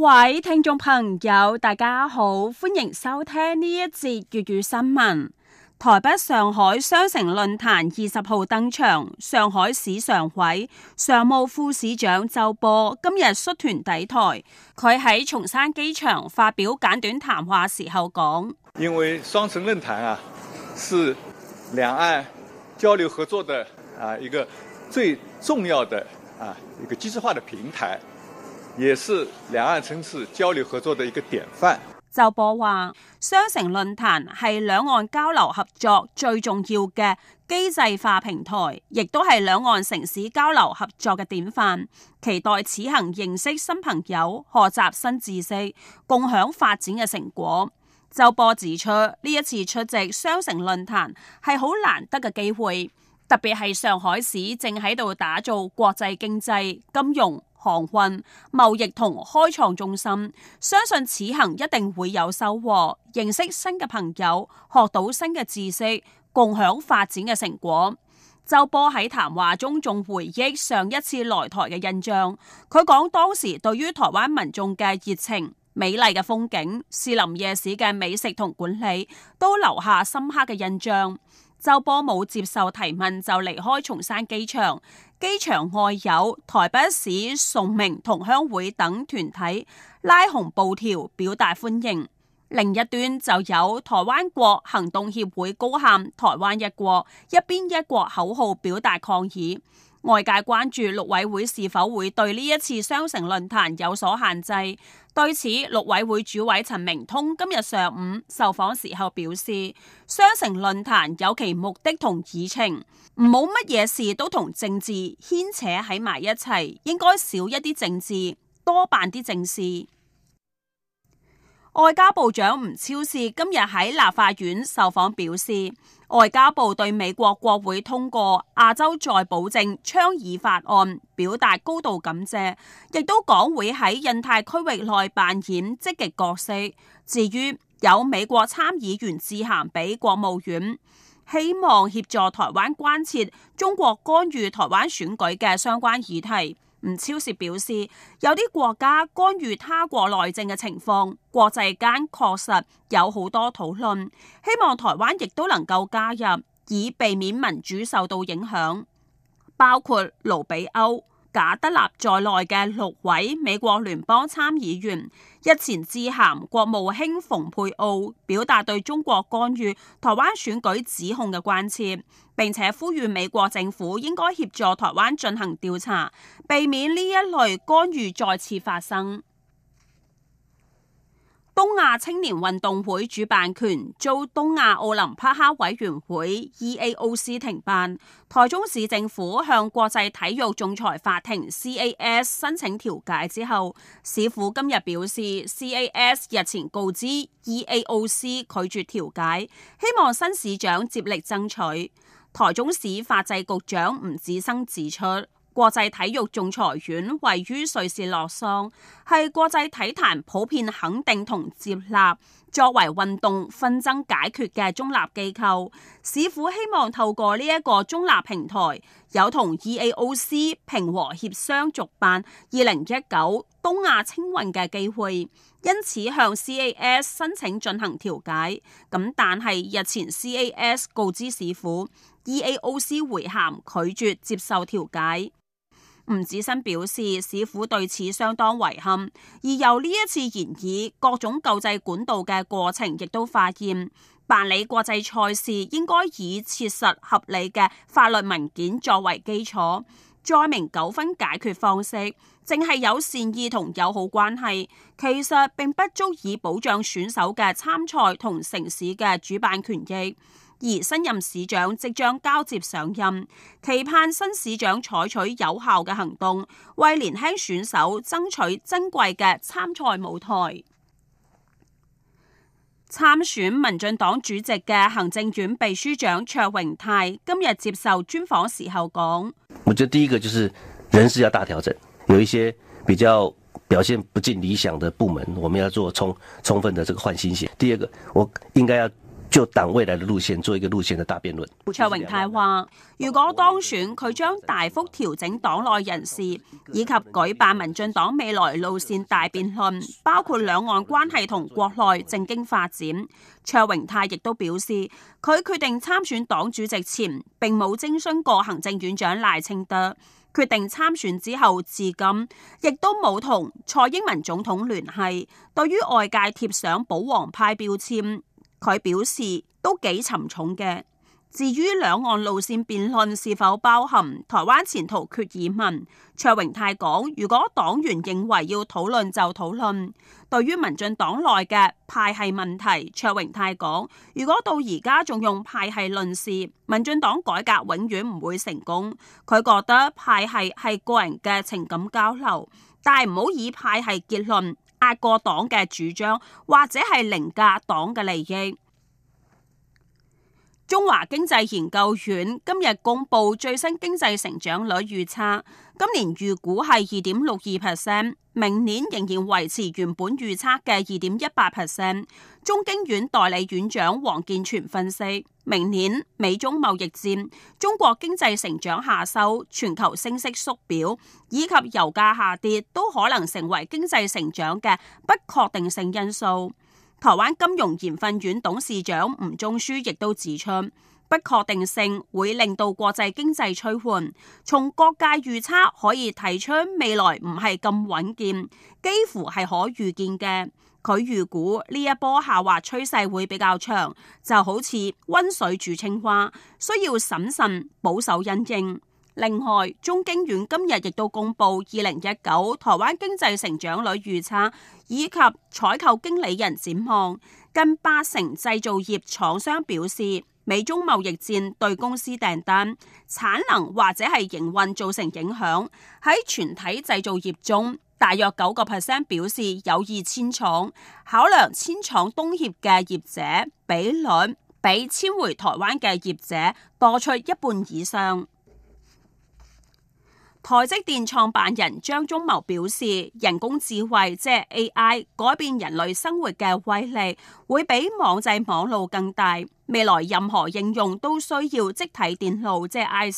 各位聽眾朋友，大家好，歡迎收聽呢一節粵語新聞。台北上海雙城論壇二十號登場，上海市常委、常務副市長周波今日率團抵台，佢喺松山機場發表簡短談話時候講：因為雙城論壇啊，是兩岸交流合作的啊一個最重要的啊一個機制化的平台。也是,是也是兩岸城市交流合作的一個典範。周波話：雙城論壇係兩岸交流合作最重要嘅機制化平台，亦都係兩岸城市交流合作嘅典範。期待此行認識新朋友，學習新知識，共享發展嘅成果。周波指出，呢一次出席雙城論壇係好難得嘅機會，特別係上海市正喺度打造國際經濟金融。航運、貿易同開創中心，相信此行一定會有收穫，認識新嘅朋友，學到新嘅知識，共享發展嘅成果。周波喺談話中仲回憶上一次來台嘅印象，佢講當時對於台灣民眾嘅熱情、美麗嘅風景、士林夜市嘅美食同管理都留下深刻嘅印象。周波冇接受提問，就離開松山機場。機場外有台北市崇明同鄉會等團體拉紅布條表達歡迎，另一端就有台灣國行動協會高喊「台灣一國」，一邊一國口號表達抗議。外界關注陸委會是否會對呢一次雙城論壇有所限制。對此，陸委會主委陳明通今日上午受訪時候表示：雙城論壇有其目的同議程，唔好乜嘢事都同政治牽扯喺埋一齊，應該少一啲政治，多辦啲正事。外交部長吳釗燮今日喺立法院受訪表示，外交部對美國國會通過《亞洲再保證倡議法案》表達高度感謝，亦都講會喺印太區域內扮演積極角色。至於有美國參議員致函俾國務院，希望協助台灣關切中國干預台灣選舉嘅相關議題。吳超涉表示，有啲國家干預他國內政嘅情況，國際間確實有好多討論，希望台灣亦都能夠加入，以避免民主受到影響，包括盧比歐。賈德納在內嘅六位美國聯邦參議員日前致函國務卿蓬佩奧，表達對中國干預台灣選舉指控嘅關切，並且呼籲美國政府應該協助台灣進行調查，避免呢一類干預再次發生。東亞青年運動會主辦權遭東亞奧林匹克委員會 （E A O C） 停辦，台中市政府向國際體育仲裁法庭 （C A S） 申請調解之後，市府今日表示，C A S 日前告知 E A O C 拒絕調解，希望新市長接力爭取。台中市法制局長吳子生指出。國際體育仲裁院位於瑞士洛桑，係國際體壇普遍肯定同接納作為運動紛爭解決嘅中立機構。市府希望透過呢一個中立平台，有同 EAOC 平和協商，續辦二零一九東亞青運嘅機會，因此向 CAS 申請進行調解。咁但係日前 CAS 告知市府，EAOC 回函拒絕接受調解。吳子新表示，市府對此相當遺憾，而由呢一次言議，各種救濟管道嘅過程亦都發現，辦理國際賽事應該以切實合理嘅法律文件作為基礎，載明糾紛解決方式，淨係有善意同友好關係，其實並不足以保障選手嘅參賽同城市嘅主辦權益。而新任市長即將交接上任，期盼新市長採取有效嘅行動，為年輕選手爭取珍貴嘅參賽舞台。參選民進黨主席嘅行政院秘書長卓榮泰今日接受專訪時候講：我覺得第一個就是人事要大調整，有一些比較表現不盡理想的部門，我們要做充充分的這個換新血。第二個，我應該要。就黨未來嘅路線做一個路線嘅大辯論。卓榮泰話：如果當選，佢將大幅調整黨內人士，以及舉辦民進黨未來路線大辯論，包括兩岸關係同國內政經發展。卓榮泰亦都表示，佢決定參選黨主席前，並冇徵詢過行政院長賴清德。決定參選之後，至今亦都冇同蔡英文總統聯繫。對於外界貼上保皇派標籤。佢表示都幾沉重嘅。至於兩岸路線辯論是否包含台灣前途決議文，卓榮泰講：如果黨員認為要討論就討論。對於民進黨內嘅派系問題，卓榮泰講：如果到而家仲用派系論事，民進黨改革永遠唔會成功。佢覺得派系係個人嘅情感交流，但係唔好以派系結論大過黨嘅主張或者係凌駕黨嘅利益。中華經濟研究院今日公布最新經濟成長率預測，今年預估係二點六二 percent。明年仍然維持原本預測嘅二點一八 percent。中經院代理院長王健全分析，明年美中貿易戰、中國經濟成長下修、全球升息縮表以及油價下跌，都可能成為經濟成長嘅不確定性因素。台灣金融研訓院董事長吳中書亦都指出。不確定性會令到國際經濟趨緩，從各界預測可以提出未來唔係咁穩健，幾乎係可預見嘅。佢預估呢一波下滑趨勢會比較長，就好似溫水煮青蛙，需要審慎保守因應。另外，中經院今日亦都公布二零一九台灣經濟成長率預測，以及採購經理人展望，近八成製造業廠商表示，美中貿易戰對公司訂單、產能或者係營運造成影響，喺全體製造業中，大約九個 percent 表示有意遷廠，考量遷廠東協嘅業者比率比遷回台灣嘅業者多出一半以上。台積電創辦人張忠謀表示，人工智慧即係 A.I. 改變人類生活嘅威力會比網際網路更大。未來任何應用都需要積體電路即係 IC,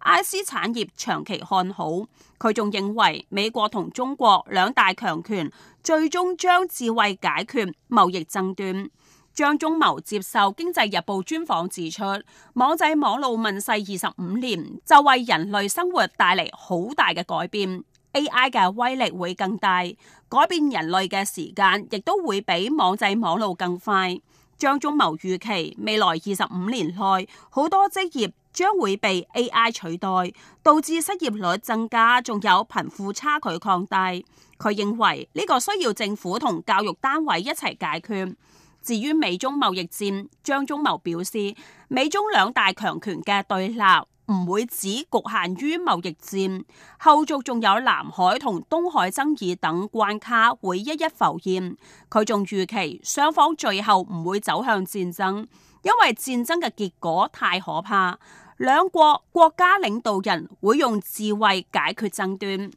I.C.，I.C. 產業長期看好。佢仲認為美國同中國兩大強權最終將智慧解決貿易爭端。張忠謀接受《經濟日報》專訪指出，網際網路問世二十五年，就為人類生活帶嚟好大嘅改變。AI 嘅威力會更大，改變人類嘅時間亦都會比網際網路更快。張忠謀預期未來二十五年內，好多職業將會被 AI 取代，導致失業率增加，仲有貧富差距擴大。佢認為呢個需要政府同教育單位一齊解決。至於美中貿易戰，張忠謀表示，美中兩大強權嘅對立唔會只局限於貿易戰，後續仲有南海同東海爭議等關卡會一一浮現。佢仲預期雙方最後唔會走向戰爭，因為戰爭嘅結果太可怕。兩國國家領導人會用智慧解決爭端。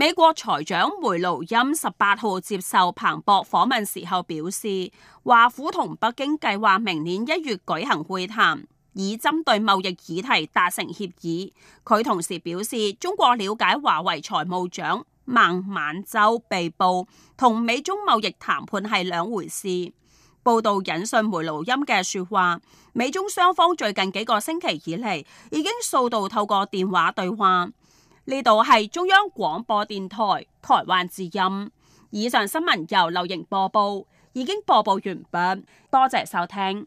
美國財長梅努欽十八號接受彭博訪問時候表示，華府同北京計劃明年一月舉行會談，以針對貿易議題達成協議。佢同時表示，中國了解華為財務長孟晚舟被捕，同美中貿易談判係兩回事。報道引述梅努欽嘅說話，美中雙方最近幾個星期以嚟已經數度透過電話對話。呢度係中央廣播電台台灣之音，以上新聞由劉瑩播報，已經播報完畢，多謝收聽。